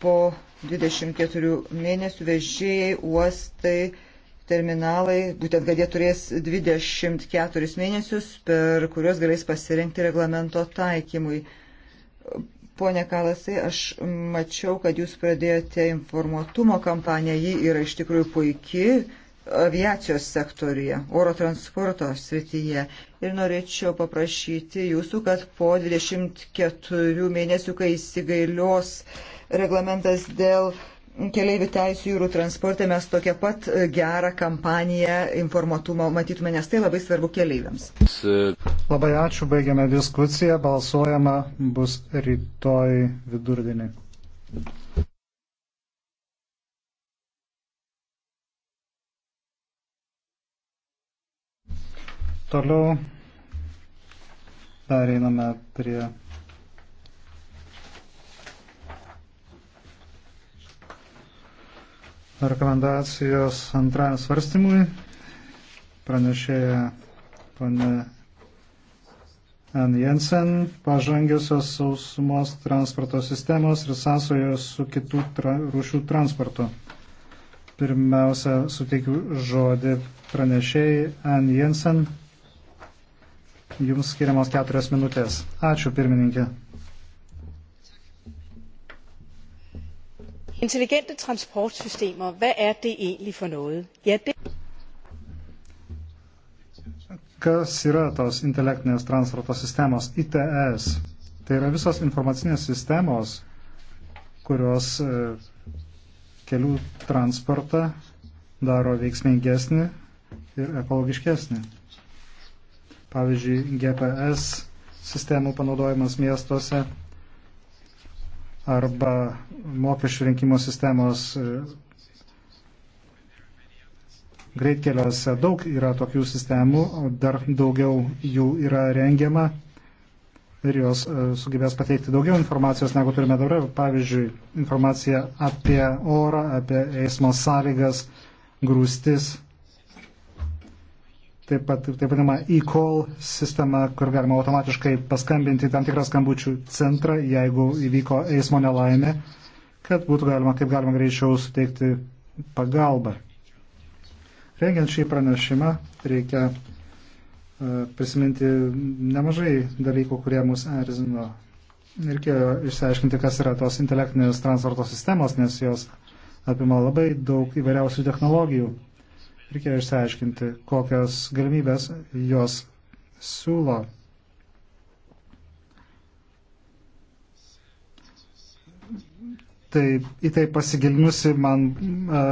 po 24 mėnesių vežėjai, uostai, terminalai, būtent kad jie turės 24 mėnesius, per kuriuos galės pasirinkti reglamento taikymui. Pone Kalasai, aš mačiau, kad jūs pradėjote informuotumo kampaniją, ji yra iš tikrųjų puiki aviacijos sektorija, oro transporto srityje. Ir norėčiau paprašyti jūsų, kad po 24 mėnesių, kai įsigailios uh, reglamentas dėl keliaivių teisų jūrų transporte, mes tokią pat gerą kampaniją informatumo matytume, nes tai labai svarbu keliaiviams. Labai ačiū, baigiame diskusiją, balsuojama bus rytoj vidurdienį. Toliau pereiname prie rekomendacijos antrajam svarstymui. Pranešėja pane N. Jensen pažangiusios sausumos transporto sistemos ir sąsojos su kitų tra, rūšių transportu. Pirmiausia, suteikiu žodį pranešėjai N. Jensen. Jums skiriamos keturios minutės. Ačiū pirmininkė. Intelligente transportsystemer, hvad er det egentlig for noget? Ja, det... Kas yra tos intelektinės transporto sistemos ITS? Tai yra visos informacinės sistemos, kurios e, kelių transportą daro veiksmingesnį ir ekologiškesnį. Pavyzdžiui, GPS sistemų panaudojimas miestuose arba mokesčių rinkimo sistemos e, greitkeliuose. Daug yra tokių sistemų, dar daugiau jų yra rengiama ir jos e, sugebės pateikti daugiau informacijos, negu turime dabar. Pavyzdžiui, informacija apie orą, apie eismo sąlygas, grūstis taip pat taip vadinama e-call sistema, kur galima automatiškai paskambinti tam tikrą skambučių centrą, jeigu įvyko eismo nelaimė, kad būtų galima kaip galima greičiau suteikti pagalbą. Rengiant šį pranešimą reikia e, prisiminti nemažai dalykų, kurie mus erzino. Reikėjo išsiaiškinti, kas yra tos intelektinės transporto sistemos, nes jos apima labai daug įvairiausių technologijų Reikia išsiaiškinti, kokias galimybės jos siūlo. Tai į tai pasigilinusi man, e,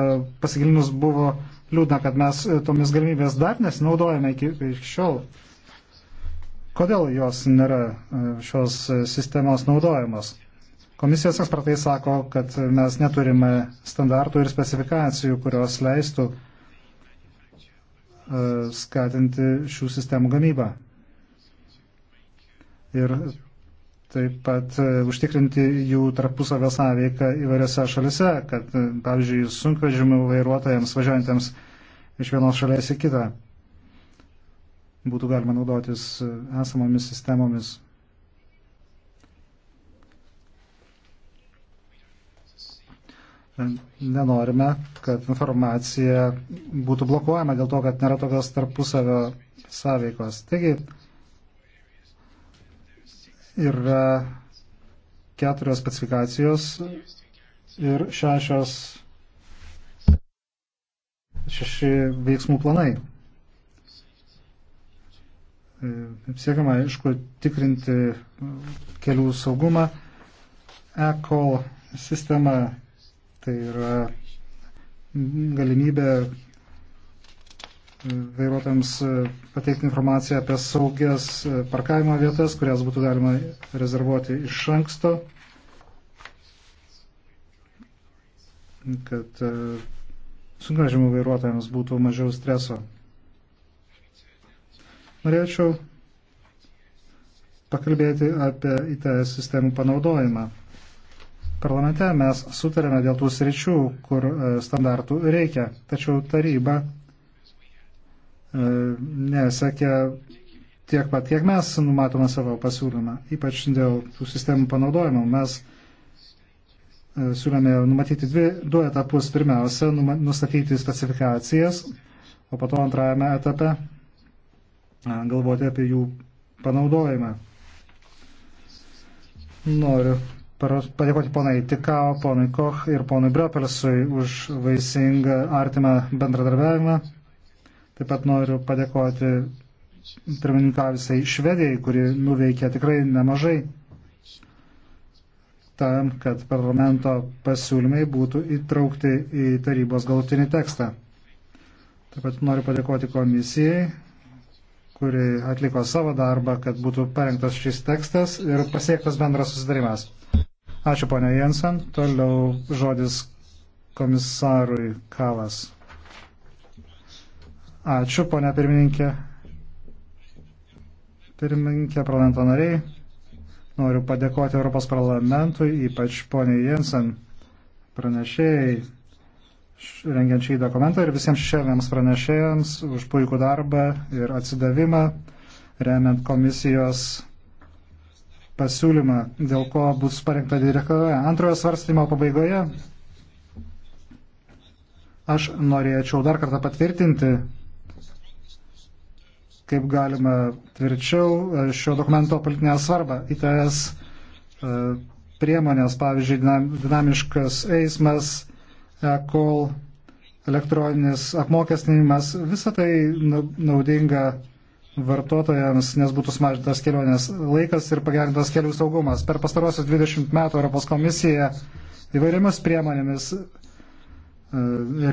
pasigilinus buvo liūdna, kad mes tomis galimybės dar nesinaudojame iki, iki šiol. Kodėl jos nėra e, šios sistemos naudojamos? Komisijos ekspertai sako, kad mes neturime standartų ir specifikacijų, kurios leistų uh, skatinti šių sistemų gamybą. Ir taip pat e, užtikrinti jų tarpusavę sąveiką įvairiose šalise, kad, e, pavyzdžiui, sunkvežimių vairuotojams važiuojantiems iš vienos šalies į kitą būtų galima naudotis e, esamomis sistemomis nenorime, kad informacija būtų blokuojama dėl to, kad nėra tokios tarpusavio sąveikos. Taigi yra keturios specifikacijos ir šešios šeši veiksmų planai. Siekiama, aišku, tikrinti kelių saugumą. ECOL sistema Tai yra galimybė vairuotams pateikti informaciją apie saugias parkavimo vietas, kurias būtų galima rezervuoti iš anksto, kad e, sunkvežimų vairuotojams būtų mažiau streso. Norėčiau pakalbėti apie ITS sistemų panaudojimą. Parlamente mes sutarėme dėl tų sričių, kur e, standartų reikia, tačiau taryba e, nesekė tiek pat, kiek mes numatome savo pasiūlymą, ypač dėl tų sistemų panaudojimo. Mes e, siūlėme numatyti dvi, du etapus. Pirmiausia, nustatyti specifikacijas, o po to antrajame etape galvoti apie jų panaudojimą. Noriu padėkoti ponai Tikao, ponai Koch ir ponai Briopelsui už vaisingą artimą bendradarbiavimą. Taip pat noriu padėkoti pirmininkavusiai Švedijai, kuri nuveikė tikrai nemažai tam, kad parlamento pasiūlymai būtų įtraukti į tarybos galutinį tekstą. Taip pat noriu padėkoti komisijai, kuri atliko savo darbą, kad būtų parengtas šis tekstas ir pasiektas bendras susidarimas. Ačiū, ponia Jensen. Toliau žodis komisarui Kalas. Ačiū, ponia pirmininkė. Pirmininkė, parlamento nariai. Noriu padėkoti Europos parlamentui, ypač poniai Jensen pranešėjai, rengiančiai dokumentą ir visiems šešėliams pranešėjams už puikų darbą ir atsidavimą, remiant komisijos pasiūlymą, dėl ko bus parengta direktyva. Antrojo svarstymo pabaigoje aš norėčiau dar kartą patvirtinti, kaip galima tvirčiau e, šio dokumento politinę svarbą. ITS e, priemonės, pavyzdžiui, dinamiškas eismas, kol elektroninis apmokestinimas, visa tai naudinga vartotojams, nes būtų sumažintas kelionės laikas ir pagerintas kelių saugumas. Per pastarosius 20 metų Europos komisija įvairiamis priemonėmis e,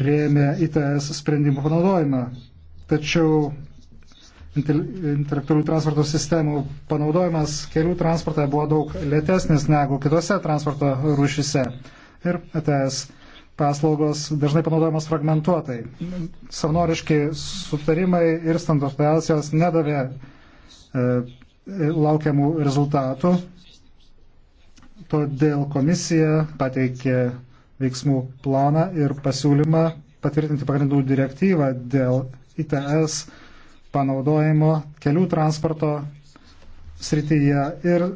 rėmė ITS sprendimų panaudojimą. Tačiau intelektualių transporto sistemų panaudojimas kelių transporte buvo daug lėtesnis negu kitose transporto rūšise. Ir ETS paslaugos dažnai panaudojamos fragmentuotai. Savanoriški sutarimai ir standartizacijos nedavė e, laukiamų rezultatų. Todėl komisija pateikė veiksmų planą ir pasiūlymą patvirtinti pagrindų direktyvą dėl ITS panaudojimo kelių transporto srityje ir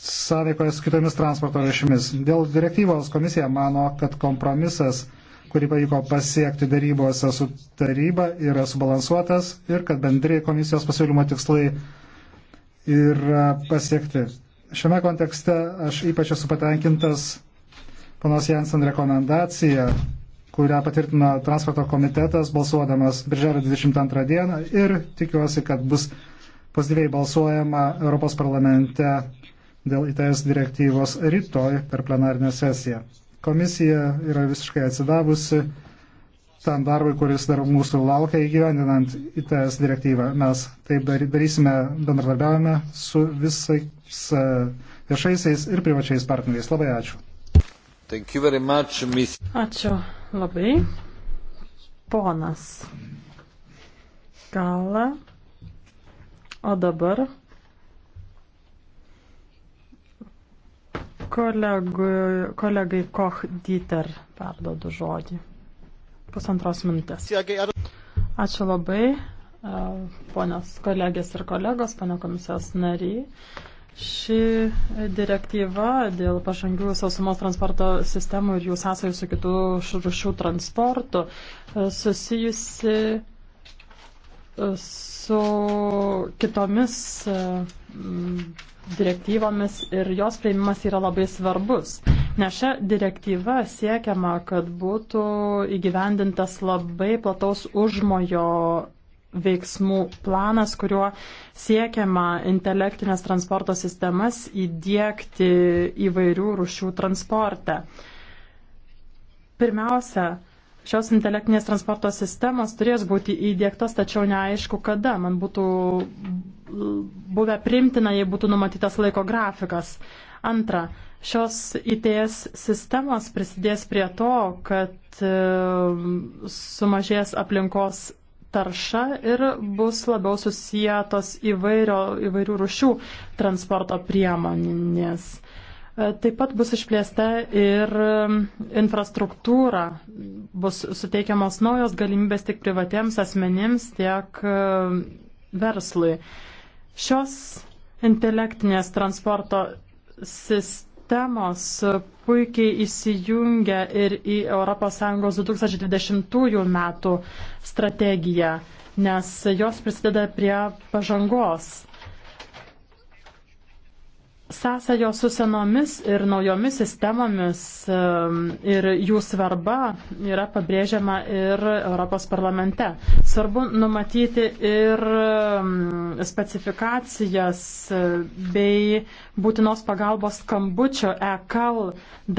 sąveikoje su kitomis transporto rūšimis. Dėl direktyvos komisija mano, kad kompromisas, kurį pavyko pasiekti darybose su taryba, yra subalansuotas ir kad bendri komisijos pasiūlymo tikslai yra pasiekti. Šiame kontekste aš ypač esu patenkintas panos Jansen rekomendacija, kurią patvirtino transporto komitetas balsuodamas birželio 22 dieną ir tikiuosi, kad bus pozityviai balsuojama Europos parlamente dėl ITS direktyvos rytoj per plenarinę sesiją. Komisija yra visiškai atsidavusi tam darbui, kuris dar mūsų laukia įgyvendinant ITS direktyvą. Mes taip darysime, bendradarbiavime su visais e, viešaisiais ir privačiais partneriais. Labai ačiū. Much, miss... ačiū labai. Ponas Gala. O dabar Kolegui, kolegai Koch Dieter perdodu žodį. Pusantros minutės. Ačiū labai, e, ponios kolegės ir kolegos, ponio komisijos nariai. Ši direktyva dėl pažangių sausumos transporto sistemų ir jų sąsajų su kitų rūšių transportu e, susijusi e, su kitomis direktyvomis ir jos prieimimas yra labai svarbus. Nes šią direktyvą siekiama, kad būtų įgyvendintas labai plataus užmojo veiksmų planas, kuriuo siekiama intelektinės transporto sistemas įdėkti įvairių rušių transporte. Pirmiausia, Šios intelektinės transporto sistemos turės būti įdėktos, tačiau neaišku kada. Man būtų buvę primtina, jei būtų numatytas laiko grafikas. Antra, šios ITS sistemos prisidės prie to, kad e, sumažės aplinkos tarša ir bus labiau susijėtos įvairio, įvairių rušių transporto priemonės. E, taip pat bus išplėsta ir um, infrastruktūra, bus suteikiamos naujos galimybės tiek privatiems asmenims, tiek um, verslui. Šios intelektinės transporto sistemos puikiai įsijungia ir į ES 2020 metų strategiją, nes jos prisideda prie pažangos. Sąsajos su senomis ir naujomis sistemomis ir jų svarba yra pabrėžiama ir Europos parlamente. Svarbu numatyti ir specifikacijas e, bei būtinos pagalbos skambučio e-kal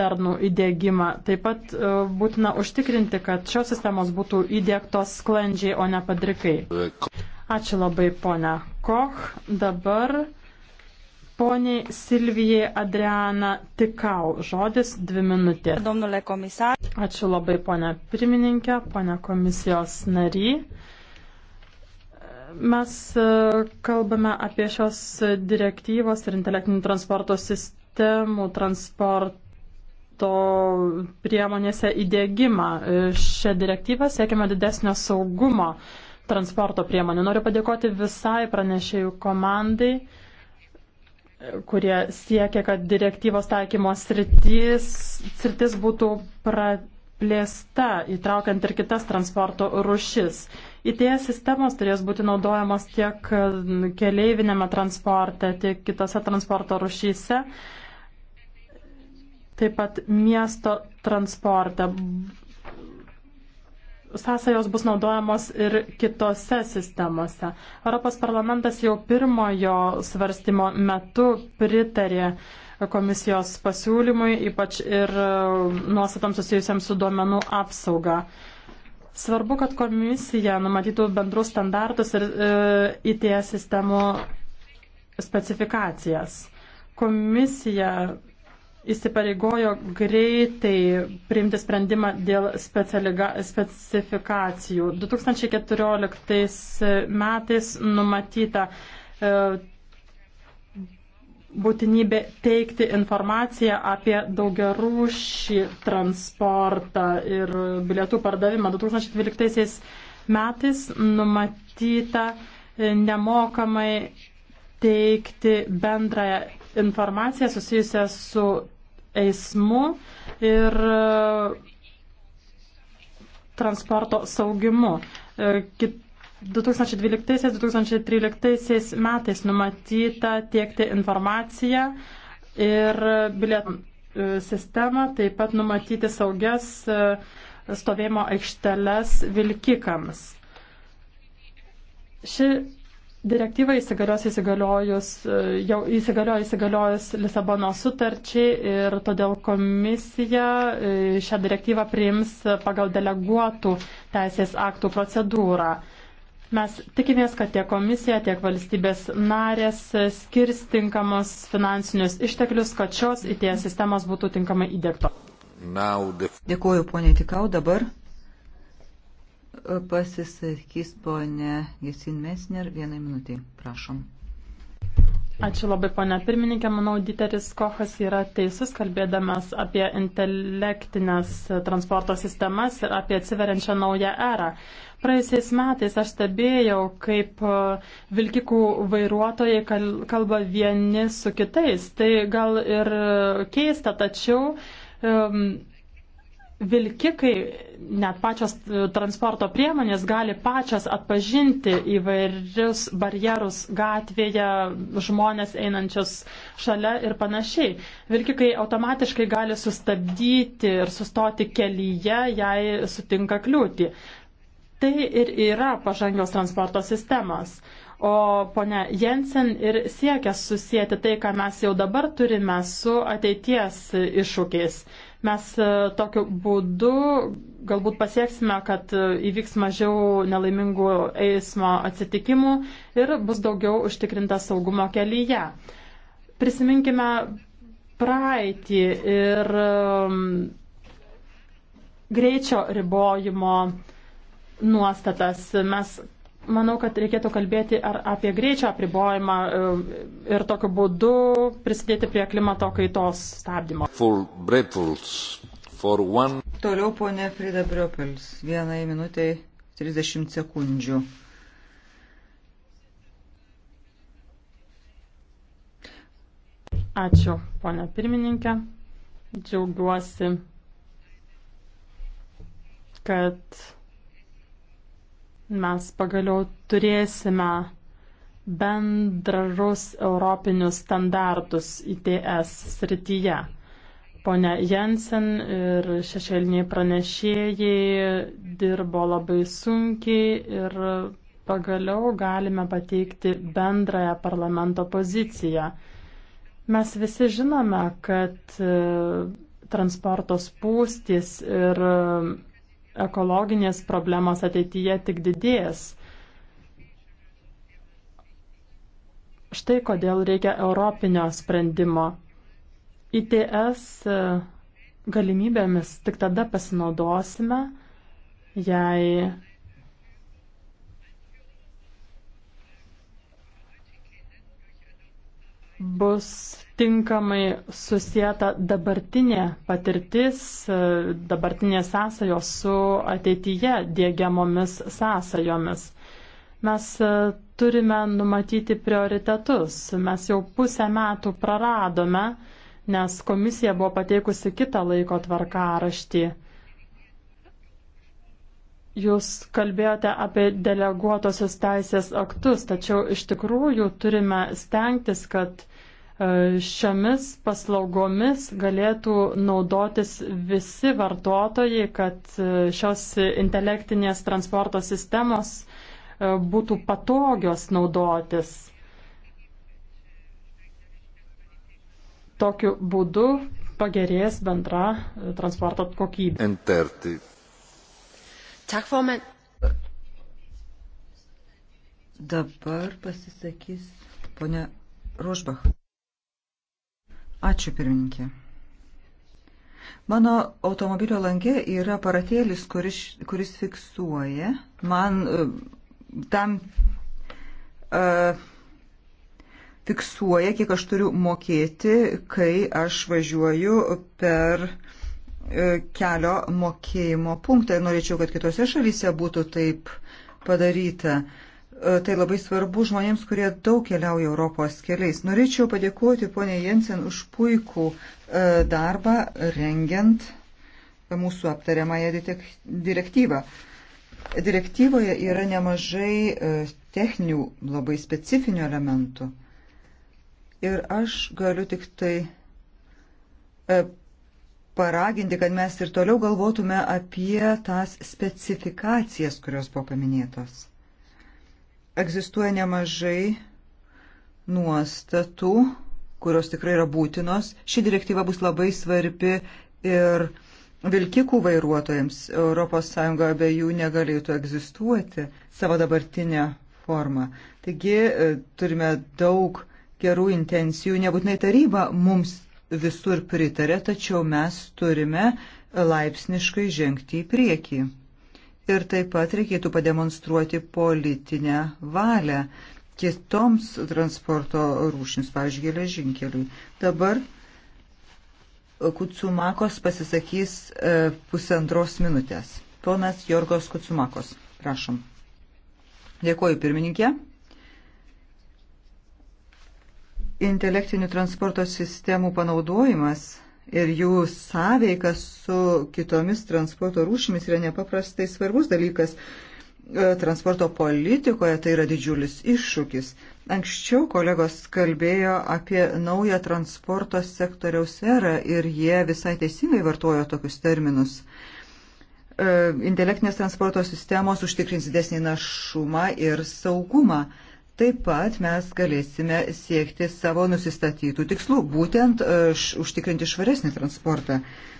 darnų įdėgymą. Taip pat e, būtina užtikrinti, kad šios sistemos būtų įdėktos sklandžiai, o ne padrikai. Ačiū labai, ponia Koch. Dabar Pone Silvijai Adriana Tikau, žodis dvi minutės. Domnule komisar. Ačiū labai, ponė pirmininkė, ponė komisijos nary. Mes e, kalbame apie šios direktyvos ir intelektinių transporto sistemų transporto to priemonėse įdėgymą. E, šią direktyvą siekiame didesnio saugumo transporto priemonių. Noriu padėkoti visai pranešėjų komandai kurie siekia, kad direktyvos taikymos sritis, sritis būtų praplėsta, įtraukiant ir kitas transporto rušis. ITS sistemos turės būti naudojamos tiek keleivinėme transporte, tiek kitose transporto rušyse, taip pat miesto transporte sąsajos bus naudojamos ir kitose sistemose. Europos parlamentas jau pirmojo svarstymo metu pritarė komisijos pasiūlymui, ypač ir e, nuostatam susijusiam su duomenų apsauga. Svarbu, kad komisija numatytų bendrus standartus ir e, IT sistemų specifikacijas. Komisija įsipareigojo greitai priimti sprendimą dėl specifikacijų. 2014 metais numatyta e, būtinybė teikti informaciją apie daugiarūšį transportą ir bilietų pardavimą. 2012 metais numatyta e, nemokamai teikti bendrąją informaciją susijusią su eismu ir e, transporto saugimu. 2012-2013 e, metais numatyta tiekti informaciją ir bilietų e, sistemą, taip pat numatyti saugias stovėjimo aikšteles vilkikams. Ši Direktyva įsigalios įsigaliojus, e, jau įsigaliojo įsigaliojus Lisabono sutarčiai ir todėl komisija e, šią direktyvą priims pagal deleguotų teisės aktų procedūrą. Mes tikimės, kad tiek komisija, tiek valstybės narės skirs tinkamus finansinius išteklius, kad šios IT sistemos būtų tinkamai įdėktos. The... Dėkuoju, poniai Tikau, dabar pasisakys ponė Gesin Mesner. Vienai minutį, prašom. Ačiū labai, ponia pirmininkė. Manau, Dieteris Kochas yra teisus, kalbėdamas apie intelektinės transporto sistemas ir apie atsiveriančią naują erą. Praėjusiais metais aš stebėjau, kaip e, vilkikų vairuotojai kalba vieni su kitais. Tai gal ir e, keista, tačiau um, vilkikai, net pačios e, transporto priemonės gali pačias atpažinti įvairius barjerus gatvėje, žmonės einančius šalia ir panašiai. Vilkikai automatiškai gali sustabdyti ir sustoti kelyje, jei sutinka kliūtį. Tai ir yra pažangios transporto sistemos o ponia Jensen ir siekia susijęti tai, ką mes jau dabar turime su ateities iššūkiais. Mes e, tokiu būdu galbūt pasieksime, kad e, įvyks mažiau nelaimingų eismo atsitikimų ir bus daugiau užtikrinta saugumo kelyje. Prisiminkime praeitį ir e, greičio ribojimo nuostatas. Mes manau, kad reikėtų kalbėti ar apie greičio apribojimą e, ir tokiu būdu prisidėti prie klimato kaitos stabdymo. For Brepols, for one... Toliau ponė Frida Briopels, vienai minutiai 30 sekundžių. Ačiū, ponė pirmininkė. Džiaugiuosi, kad mes pagaliau turėsime bendrarus europinius standartus ITS srityje. Pone Jensen ir šešėliniai pranešėjai dirbo labai sunkiai ir pagaliau galime pateikti bendrąją parlamento poziciją. Mes visi žinome, kad e, transporto spūstis ir ekologinės problemos ateityje tik didės. Štai kodėl reikia europinio sprendimo. ITS e, galimybėmis tik tada pasinaudosime, jei bus tinkamai susieta dabartinė patirtis, dabartinės sąsajos su ateityje dėgiamomis sąsajomis. Mes e, turime numatyti prioritetus. Mes jau pusę metų praradome, nes komisija buvo pateikusi kitą laiko tvarkaraštį. raštį. Jūs kalbėjote apie deleguotosios teisės aktus, tačiau iš tikrųjų turime stengtis, kad e, šiomis paslaugomis galėtų naudotis visi vartotojai, kad e, šios intelektinės transporto sistemos e, būtų patogios naudotis. Tokiu būdu pagerės bendra transporto kokybė. Enterti. Tak, formand. Dabar pasisakys ponia Rožbach. Ačiū pirmininkė. Mano automobilio langė yra aparatėlis, kuris, kuris fiksuoja man e, tam uh, fiksuoja, kiek aš turiu mokėti, kai aš važiuoju per uh, E, kelio mokėjimo punktą ir norėčiau, kad kitose šalyse būtų taip padaryta. E, tai labai svarbu žmonėms, kurie daug keliauja Europos keliais. Norėčiau padėkoti ponė Jensen už puikų e, darbą rengiant mūsų aptariamąją direktyvą. Direktyvoje yra nemažai techninių, labai specifinių elementų. Ir aš galiu tik tai paraginti, kad mes ir toliau galvotume apie tas specifikacijas, kurios buvo paminėtos. Egzistuoja nemažai nuostatų, kurios tikrai yra būtinos. Ši direktyva bus labai svarbi ir vilkikų vairuotojams. ES be jų negalėtų egzistuoti savo dabartinę formą. Taigi e, turime daug gerų intencijų, nebūtinai taryba mums visur pritarė, tačiau mes turime laipsniškai žengti į priekį. Ir taip pat reikėtų pademonstruoti politinę valią kitoms transporto rūšims, pavyzdžiui, geležinkeliui. Dabar Kutsumakos pasisakys e, pusantros minutės. Ponas Jorgos Kutsumakos, prašom. Dėkuoju pirmininkė. Intelektinių transporto sistemų panaudojimas ir jų sąveikas su kitomis transporto rūšimis yra nepaprastai svarbus dalykas. E, transporto politikoje tai yra didžiulis iššūkis. Anksčiau kolegos kalbėjo apie naują transporto sektoriaus erą ir jie visai teisingai vartojo tokius terminus. E, intelektinės transporto sistemos užtikrins didesnį našumą ir saugumą. Taip pat mes galėsime siekti savo nusistatytų tikslų, būtent e, š, užtikrinti švaresnį transportą.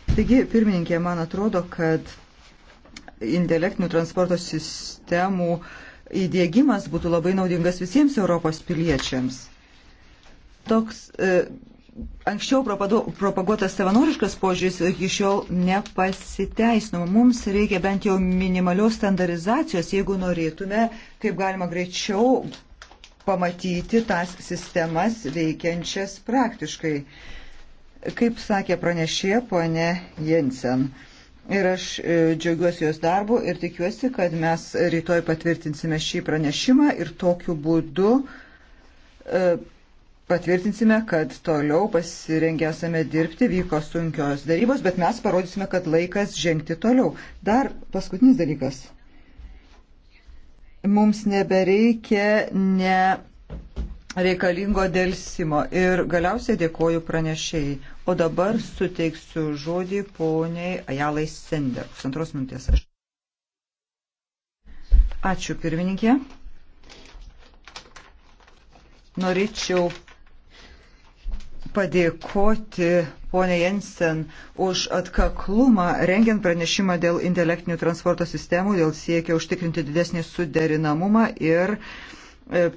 Taigi, pirmininkė, man atrodo, kad intelektinių transporto sistemų įdėgymas būtų labai naudingas visiems Europos piliečiams. Toks e, anksčiau propaguotas savanoriškas požiūris iki šiol nepasiteisino. Mums reikia bent jau minimalios standarizacijos, jeigu norėtume, kaip galima greičiau pamatyti tas sistemas veikiančias praktiškai. Kaip sakė pranešė ponė Jensen. Ir aš e, džiaugiuosi jos darbu ir tikiuosi, kad mes rytoj patvirtinsime šį pranešimą ir tokiu būdu e, patvirtinsime, kad toliau pasirengęsame dirbti, vyko sunkios darybos, bet mes parodysime, kad laikas žengti toliau. Dar paskutinis dalykas mums nebereikia ne reikalingo dėlsimo. Ir galiausiai dėkoju pranešėjai. O dabar suteiksiu žodį poniai Ajalai Sender. Pusantros minutės aš. Ačiū pirmininkė. Norėčiau padėkoti ponė Jensen už atkaklumą rengiant pranešimą dėl intelektinių transporto sistemų, dėl siekia užtikrinti didesnį suderinamumą ir e,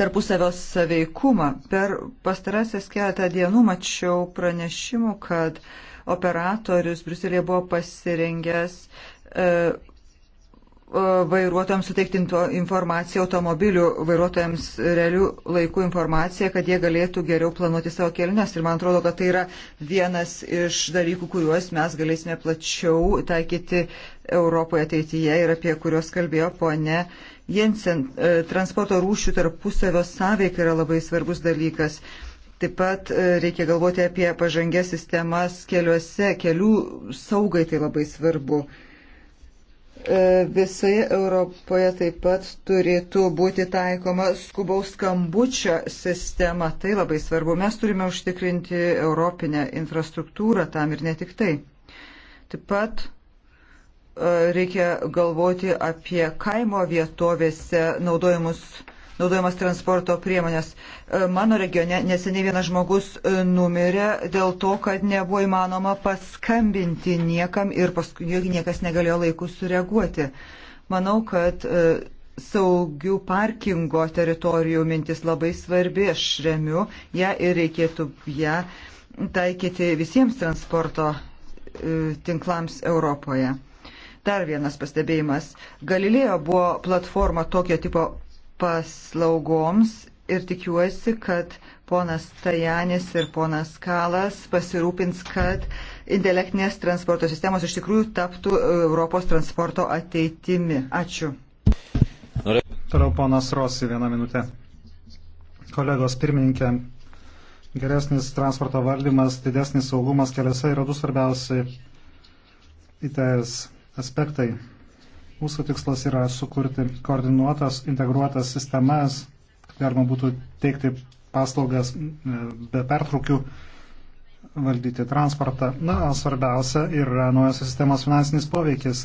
tarpusavio saveikumą. Per pastarąsias keletą dienų mačiau pranešimų, kad operatorius Bruselėje buvo pasirengęs e, E, vairuotojams suteikti informaciją, automobilių vairuotojams realių laikų informaciją, kad jie galėtų geriau planuoti savo kelnes. Ir man atrodo, kad tai yra vienas iš dalykų, kuriuos mes galėsime plačiau taikyti Europoje ateityje ir apie kuriuos kalbėjo ponė Jensen. E, transporto rūšių tarpusavio sąveika yra labai svarbus dalykas. Taip pat e, reikia galvoti apie pažangę sistemas keliuose, kelių saugai tai labai svarbu. E, visoje Europoje taip pat turėtų būti taikoma skubaus skambučio sistema. Tai labai svarbu. Mes turime užtikrinti europinę infrastruktūrą tam ir ne tik tai. Taip pat e, reikia galvoti apie kaimo vietovėse naudojimus naudojamas transporto priemonės. E, mano regione neseniai vienas žmogus e, numirė dėl to, kad nebuvo įmanoma paskambinti niekam ir paskui niekas negalėjo laiku sureaguoti. Manau, kad e, saugių parkingo teritorijų mintis labai svarbi, aš remiu ją ir reikėtų ją taikyti visiems transporto tinklams Europoje. Dar vienas pastebėjimas. Galilėjo buvo platforma tokio tipo paslaugoms ir tikiuosi, kad ponas Tajanis ir ponas Kalas pasirūpins, kad intelektinės transporto sistemos iš tikrųjų taptų Europos transporto ateitimi. Ačiū. Toliau ponas Rosi, vieną minutę. Kolegos pirmininkė, geresnis transporto valdymas, didesnis saugumas keliuose yra du svarbiausi ITS aspektai. Mūsų tikslas yra sukurti koordinuotas, integruotas sistemas, kad galima būtų teikti paslaugas e, be pertraukių, valdyti transportą. Na, o svarbiausia yra naujos sistemos finansinis poveikis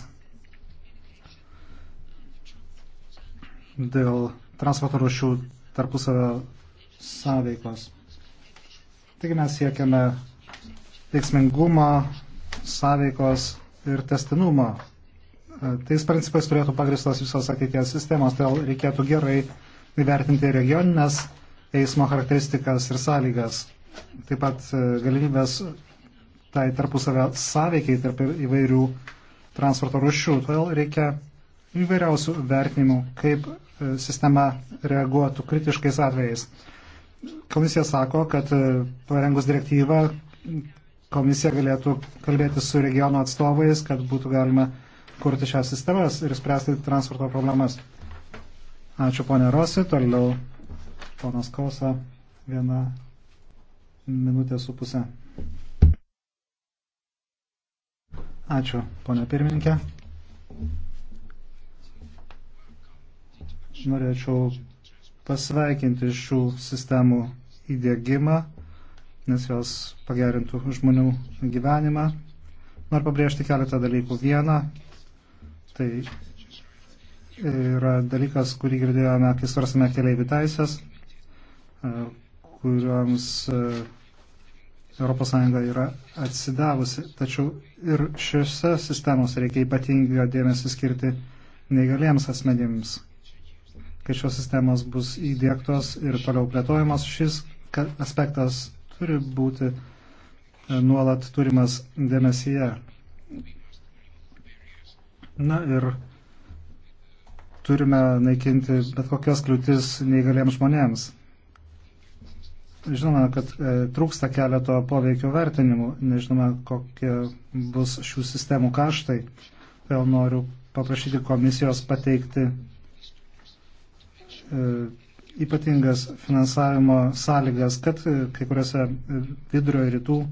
dėl transporto rušių tarpusavio sąveikos. Taigi mes siekiame veiksmingumo, sąveikos ir testinumo Tais principais turėtų pagristos visos ateities sistemos, todėl reikėtų gerai įvertinti regioninės eismo charakteristikas ir sąlygas. Taip pat e, galimybės tai tarpusavę sąveikiai tarp įvairių transporto rušių. Todėl reikia įvairiausių vertinimų, kaip e, sistema reaguotų kritiškais atvejais. Komisija sako, kad e, parengus direktyvą komisija galėtų kalbėti su regiono atstovais, kad būtų galima kurti šias sistemas ir spręsti transporto problemas. Ačiū ponė Rosi, toliau ponas Kausa, viena minutė su pusė. Ačiū ponė pirmininkė. Norėčiau pasveikinti šių sistemų įdėgymą, nes jos pagerintų žmonių gyvenimą. Noriu pabrėžti keletą dalykų. Vieną, Tai yra dalykas, kurį girdėjome, kai svarstame keliaivių teisės, e, kuriuoms ES yra atsidavusi. Tačiau ir šiose sistemos reikia ypatingio dėmesį skirti neįgaliems asmenims. Kai šios sistemos bus įdėktos ir toliau plėtojamos, šis aspektas turi būti e, nuolat turimas dėmesyje. Na ir turime naikinti bet kokias kliūtis neįgaliems žmonėms. Žinoma, kad e, trūksta keleto poveikio vertinimų, nežinoma, kokie bus šių sistemų kaštai. Vėl noriu paprašyti komisijos pateikti e, ypatingas finansavimo sąlygas, kad e, kai kuriuose e, vidurio ir rytų e,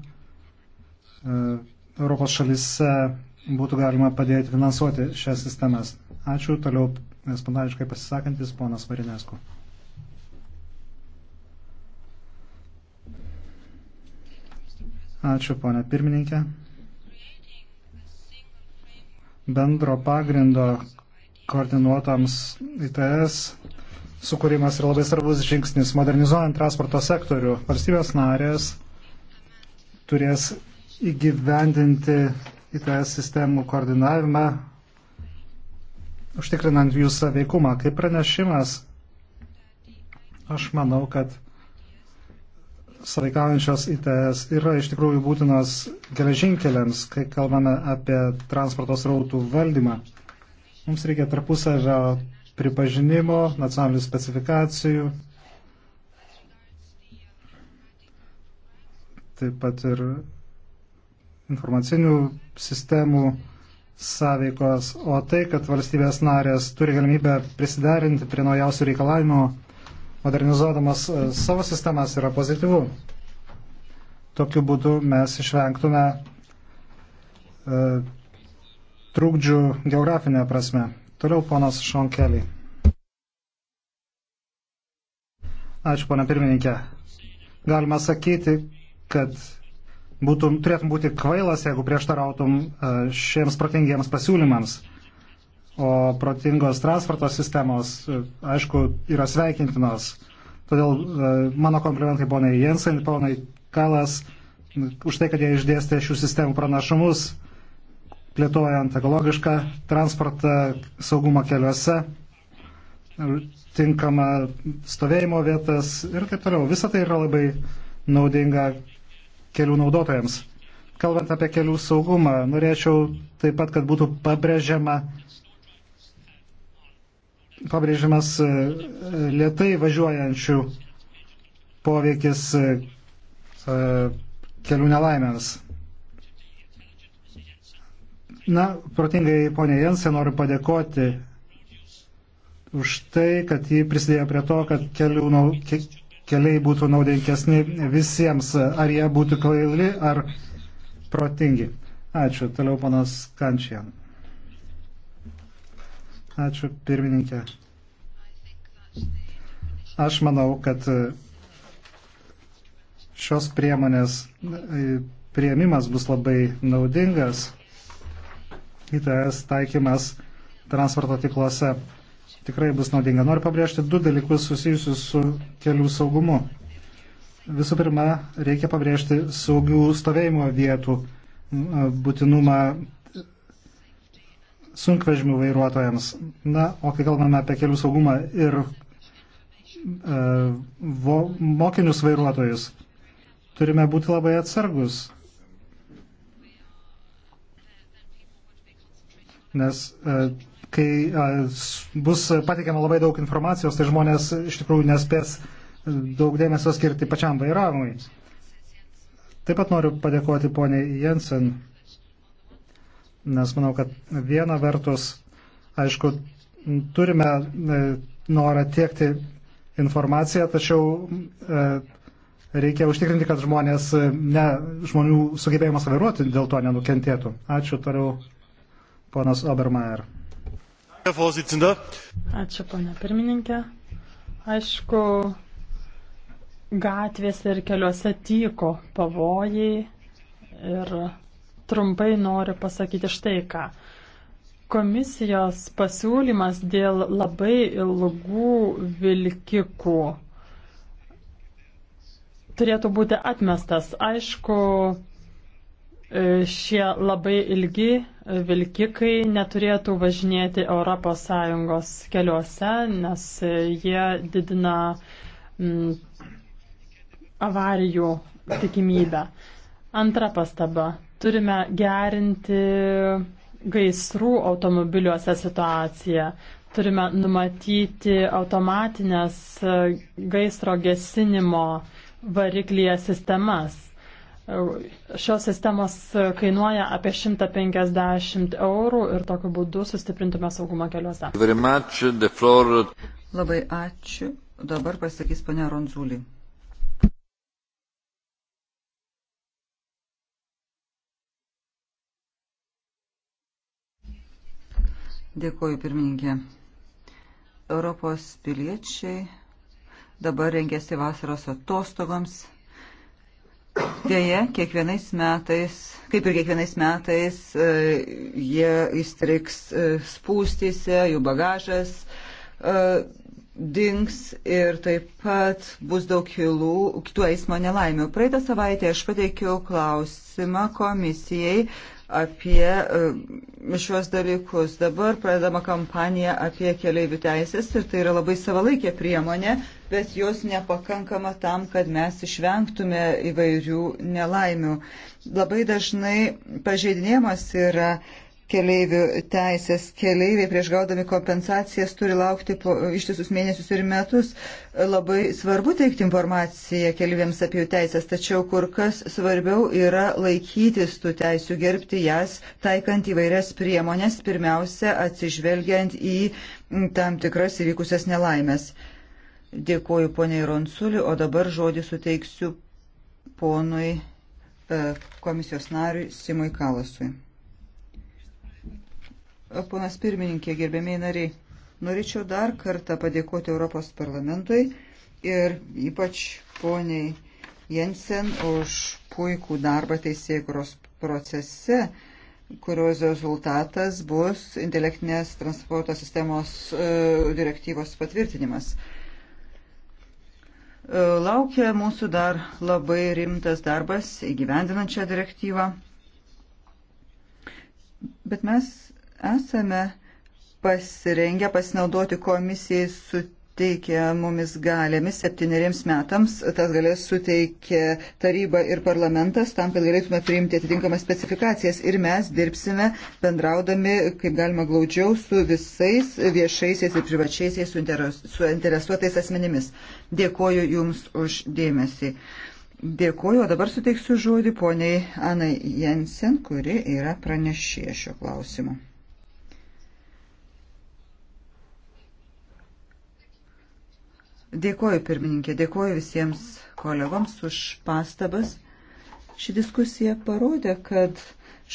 Europos šalise būtų galima padėti finansuoti šias sistemas. Ačiū. Toliau spontaniškai pasisakantis ponas Varinesku. Ačiū, ponė pirmininkė. Bendro pagrindo koordinuotams ITS sukūrimas yra labai svarbus žingsnis. Modernizuojant transporto sektorių, valstybės narės turės įgyvendinti ITS sistemų koordinavimą, užtikrinant jų saveikumą. Kaip pranešimas, aš manau, kad savaikaujančios ITS yra iš tikrųjų būtinos geležinkeliams, kai kalbame apie transporto srautų valdymą. Mums reikia tarpusavio pripažinimo, nacionalinių specifikacijų, taip pat ir informacinių sistemų sąveikos, o tai, kad valstybės narės turi galimybę prisiderinti prie naujausių reikalavimų, modernizuodamas e, savo sistemas, yra pozityvu. Tokiu būdu mes išvengtume e, trūkdžių geografinė prasme. Toliau ponas Šonkelį. Ačiū, pana pirmininkė. Galima sakyti, kad būtum, turėtum būti kvailas, jeigu prieštarautum e, šiems protingiems pasiūlymams. O protingos transporto sistemos, e, aišku, yra sveikintinos. Todėl e, mano komplimentai ponai Jensen, ponai Kalas, už tai, kad jie išdėstė šių sistemų pranašumus, plėtojant ekologišką transportą, saugumą keliuose, tinkamą stovėjimo vietas ir taip toliau. Visą tai yra labai naudinga kelių naudotojams. Kalbant apie kelių saugumą, norėčiau taip pat, kad būtų pabrėžiama, pabrėžiamas e, lietai važiuojančių poveikis e, kelių nelaimėms. Na, protingai ponė Jensė noriu padėkoti už tai, kad jį prisidėjo prie to, kad kelių, keliai būtų naudingesni visiems, ar jie būtų kvaili ar protingi. Ačiū. Toliau panas Kančian. Ačiū, pirmininkė. Aš manau, kad šios priemonės e, prieimimas bus labai naudingas. ITS taikymas transporto tiklose tikrai bus naudinga. Noriu pabrėžti du dalykus susijusius su kelių saugumu. Visų pirma, reikia pabrėžti saugių stovėjimo vietų būtinumą sunkvežimių vairuotojams. Na, o kai kalbame apie kelių saugumą ir e, vo, mokinius vairuotojus, turime būti labai atsargus, nes e, kai bus pateikiama labai daug informacijos, tai žmonės iš tikrųjų nespės e, daug dėmesio skirti pačiam vairavimui. Taip pat noriu padėkoti poniai Jensen, nes manau, kad viena vertus, aišku, turime e, norą tiekti informaciją, tačiau e, reikia užtikrinti, kad žmonės, ne, žmonių sugebėjimas vairuoti dėl to nenukentėtų. Ačiū, toliau ponas Obermeier. Ačiū, ponia pirmininkė. Aišku, gatvėse ir keliuose tyko pavojai ir trumpai noriu pasakyti štai ką. Komisijos pasiūlymas dėl labai ilgų vilkikų turėtų būti atmestas. Aišku, E, šie labai ilgi e, vilkikai neturėtų važinėti ES keliuose, nes e, jie didina mm, avarijų tikimybę. Antra pastaba. Turime gerinti gaisrų automobiliuose situaciją. Turime numatyti automatinės gaisro gesinimo variklyje sistemas. Šios sistemos kainuoja apie 150 eurų ir tokiu būdu sustiprintume saugumą keliuose. Labai ačiū. Dabar pasakys ponia Ronzulį. Dėkoju, pirmininkė. Europos piliečiai dabar rengėsi vasaros atostogoms Deja, kiekvienais metais, kaip ir kiekvienais metais, e, jie įstriks e, spūstyse, jų bagažas e, dings ir taip pat bus daug kilų kitų eismo nelaimių. Praeitą savaitę aš pateikiau klausimą komisijai apie šios dalykus. Dabar pradedama kampanija apie keliaivių teisės ir tai yra labai savalaikė priemonė bet jos nepakankama tam, kad mes išvengtume įvairių nelaimių. Labai dažnai pažeidinėjimas yra keleivių teisės. Keleiviai prieš gaudami kompensacijas turi laukti po ištisus mėnesius ir metus. Labai svarbu teikti informaciją keleiviams apie jų teisės, tačiau kur kas svarbiau yra laikytis tų teisių, gerbti jas, taikant įvairias priemonės, pirmiausia atsižvelgiant į tam tikras įvykusias nelaimės. Dėkuoju poniai Ronsuliu, o dabar žodį suteiksiu ponui e, komisijos nariui Simui Kalasui. E, ponas pirmininkė, gerbėmiai nariai, norėčiau dar kartą padėkoti Europos parlamentui ir ypač poniai Jensen už puikų darbą teisėkuros procese, kurios rezultatas bus intelektinės transporto sistemos e, direktyvos patvirtinimas. E, laukia mūsų dar labai rimtas darbas įgyvendinant šią direktyvą. Bet mes esame pasirengę pasinaudoti komisijai su teikiamomis galėmis septyneriems metams. Tas galės suteikė taryba ir parlamentas tam, kad galėtume priimti atitinkamas specifikacijas ir mes dirbsime bendraudami, kaip galima glaudžiau, su visais viešaisiais ir privačiaisiais suinteresuotais asmenimis. Dėkoju Jums už dėmesį. Dėkoju, o dabar suteiksiu žodį poniai Anai Jensen, kuri yra pranešė šio klausimu. Dėkoju pirmininkė, dėkoju visiems kolegoms už pastabas. Ši diskusija parodė, kad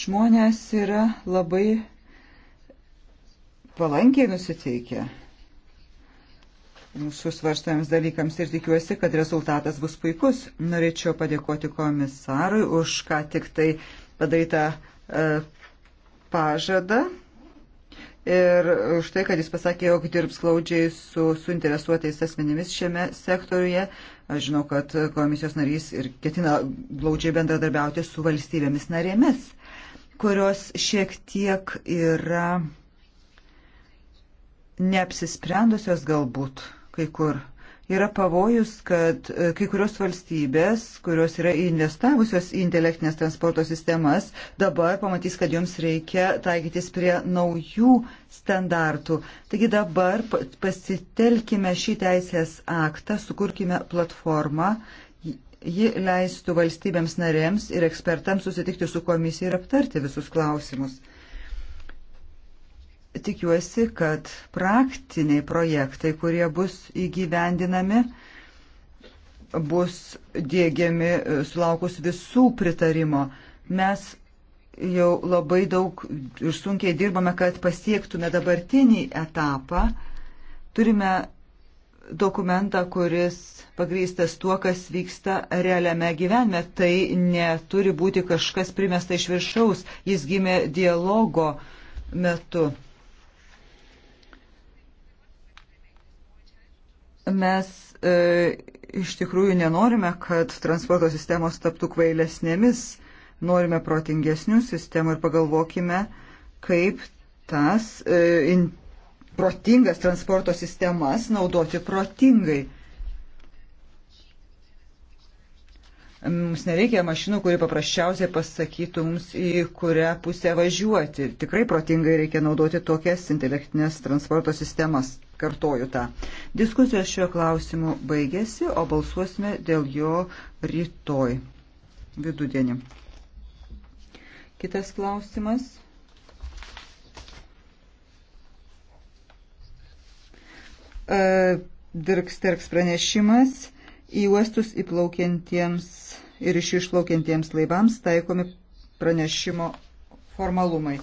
žmonės yra labai palankiai nusiteikę mūsų svarstojams dalykams ir tikiuosi, kad rezultatas bus puikus. Norėčiau padėkoti komisarui už ką tik tai padarytą e, pažadą ir už tai, kad jis pasakė, jog dirbs glaudžiai su suinteresuotais asmenimis šiame sektoriuje. Aš žinau, kad komisijos narys ir ketina glaudžiai bendradarbiauti su valstybėmis narėmis, kurios šiek tiek yra neapsisprendusios galbūt kai kur yra pavojus, kad e, kai kurios valstybės, kurios yra investavusios į intelektinės transporto sistemas, dabar pamatys, kad joms reikia taikytis prie naujų standartų. Taigi dabar pasitelkime šį teisės aktą, sukurkime platformą. Ji leistų valstybėms narėms ir ekspertams susitikti su komisija ir aptarti visus klausimus tikiuosi, kad praktiniai projektai, kurie bus įgyvendinami, bus dėgiami e, sulaukus visų pritarimo. Mes jau labai daug ir sunkiai dirbame, kad pasiektume dabartinį etapą. Turime dokumentą, kuris pagrystas tuo, kas vyksta realiame gyvenime. Tai neturi būti kažkas primesta iš viršaus. Jis gimė dialogo metu. Mes e, iš tikrųjų nenorime, kad transporto sistemos taptų kvailesnėmis, norime protingesnių sistemų ir pagalvokime, kaip tas e, in, protingas transporto sistemas naudoti protingai. Mums nereikia mašinų, kuri paprasčiausiai pasakytų mums, į kurią pusę važiuoti. Tikrai protingai reikia naudoti tokias intelektinės transporto sistemas. Kartoju tą. Diskusijos šiuo klausimu baigėsi, o balsuosime dėl jo rytoj vidudienį. Kitas klausimas. E, Dirks terks pranešimas. Į uostus įplaukiantiems ir iš išplaukiantiems laivams taikomi pranešimo formalumai.